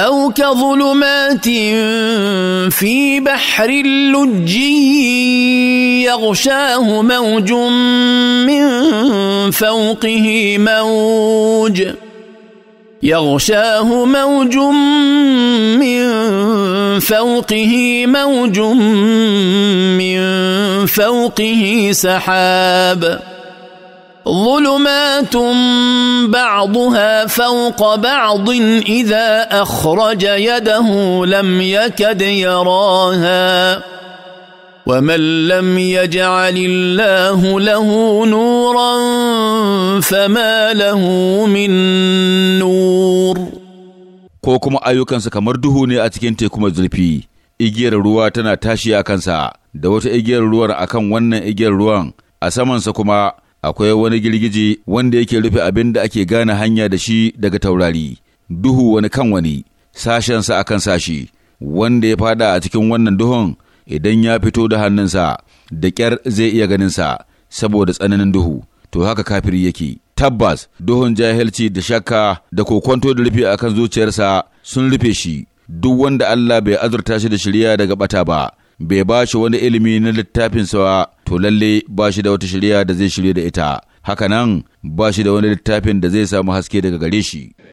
أو كظلمات في بحر لجي يغشاه موج من فوقه موج يغشاه موج من فوقه موج من فوقه سحاب ظلمات بعضها فوق بعض اذا اخرج يده لم يكد يراها ومن لم يجعل الله له نورا فما له من نور ko kuma ayyukansa kamar duhu ne a cikin teku mai zurfi igiyar ruwa tana tashi a kansa da wata igiyar ruwan akan wannan igiyar ruwan a samansa kuma akwai wani girgije wanda yake rufe abin da ake gane hanya da shi daga taurari, duhu wani kan wani, sashensa a kan sashi, wanda ya fada a cikin wannan duhun idan ya fito da hannunsa da ƙyar zai iya ganinsa saboda tsananin duhu, to haka kafiri yake. Tabbas, duhun jahilci da shakka da kokwanto da rufe akan zuciyarsa sun rufe shi, duk wanda Allah bai azurta shi da shirya daga bata ba, bai ba shi wani ilimi na littafinsa to lalle ba shi da wata shirya da zai shirya da ita, haka nan ba shi da wani littafin da zai samu haske daga gare shi.